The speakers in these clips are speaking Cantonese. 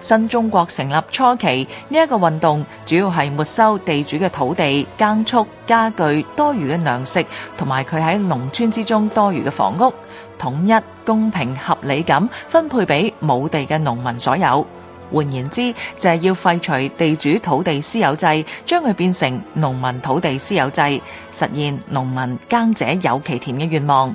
新中國成立初期，呢一個運動主要係沒收地主嘅土地、耕畜、家具、多餘嘅糧食同埋佢喺農村之中多餘嘅房屋，統一公平合理咁分配俾冇地嘅農民所有。換言之，就係要廢除地主土地私有制，將佢變成農民土地私有制，實現農民耕者有其田嘅願望。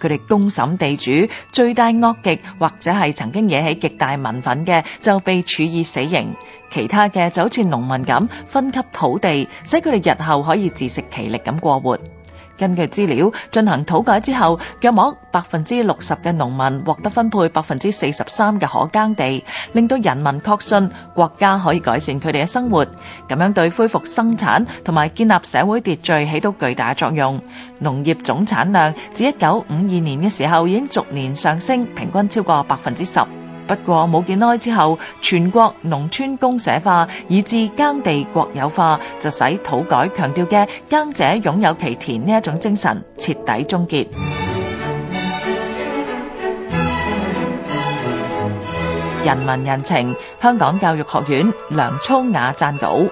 佢哋公審地主，罪大惡極或者係曾經惹起極大民憤嘅，就被處以死刑；其他嘅就好似農民咁，分給土地，使佢哋日後可以自食其力咁過活。根據資料進行土改之後，約莫百分之六十嘅農民獲得分配百分之四十三嘅可耕地，令到人民確信國家可以改善佢哋嘅生活，咁樣對恢復生產同埋建立社會秩序起到巨大作用。農業總產量自一九五二年嘅時候已經逐年上升，平均超過百分之十。不過冇幾耐之後，全國農村公社化以至耕地國有化，就使土改強調嘅耕者擁有其田呢一種精神徹底終結。人民人情，香港教育學院梁聰雅撰稿。